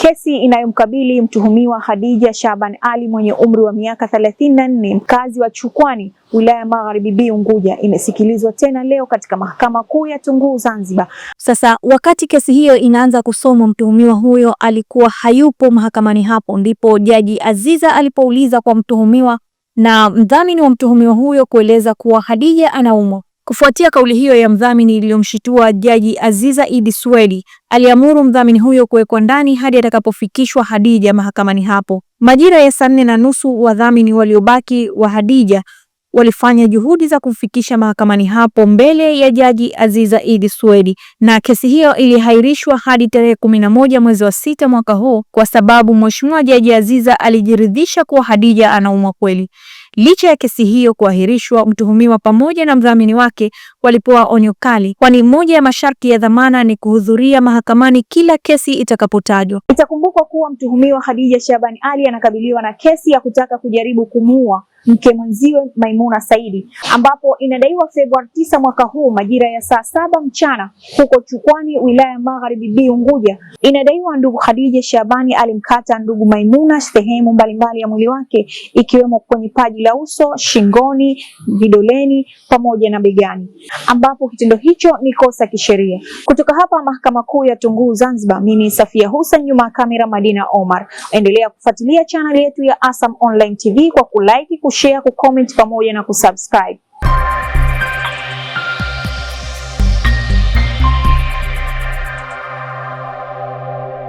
Kesi inayomkabili mtuhumiwa Khadija Shaban Ali mwenye umri wa miaka thelathini na nne mkazi wa Chukwani wilaya Magharibi B Unguja imesikilizwa tena leo katika Mahakama Kuu ya Tunguu Zanzibar. Sasa wakati kesi hiyo inaanza kusomwa, mtuhumiwa huyo alikuwa hayupo mahakamani hapo, ndipo Jaji Aziza alipouliza kwa mtuhumiwa na mdhamini wa mtuhumiwa huyo kueleza kuwa Khadija anaumwa. Kufuatia kauli hiyo ya mdhamini iliyomshitua, Jaji Aziza Idi swedi aliamuru mdhamini huyo kuwekwa ndani hadi atakapofikishwa Hadija mahakamani hapo. Majira ya saa nne na nusu, wadhamini waliobaki wa Hadija walifanya juhudi za kumfikisha mahakamani hapo mbele ya Jaji Aziza Idi swedi na kesi hiyo ilihairishwa hadi tarehe kumi na moja mwezi wa sita mwaka huu kwa sababu Mheshimiwa Jaji Aziza alijiridhisha kuwa Hadija anaumwa kweli. Licha ya kesi hiyo kuahirishwa, mtuhumiwa pamoja na mdhamini wake walipewa onyo kali, kwani moja ya masharti ya dhamana ni kuhudhuria mahakamani kila kesi itakapotajwa. Itakumbukwa kuwa mtuhumiwa Khadija Shabani Ali anakabiliwa na kesi ya kutaka kujaribu kumuua mke mwenziwe Maimuna Saidi, ambapo inadaiwa Februari tisa mwaka huu majira ya saa saba mchana huko Chukwani, wilaya ya Magharibi B Unguja, inadaiwa ndugu Khadija Shabani alimkata ndugu Maimuna sehemu mbalimbali ya mwili wake ikiwemo kwenye paji la uso, shingoni, vidoleni pamoja na begani, ambapo kitendo hicho ni kosa kisheria. Kutoka hapa Mahakama Kuu ya Tunguu Zanzibar, mimi Safia Hussein, nyuma ya kamera Madina Omar. Endelea kufuatilia channel yetu ya ASAM Online TV kwa kulike, kushare, kucomment pamoja na kusubscribe.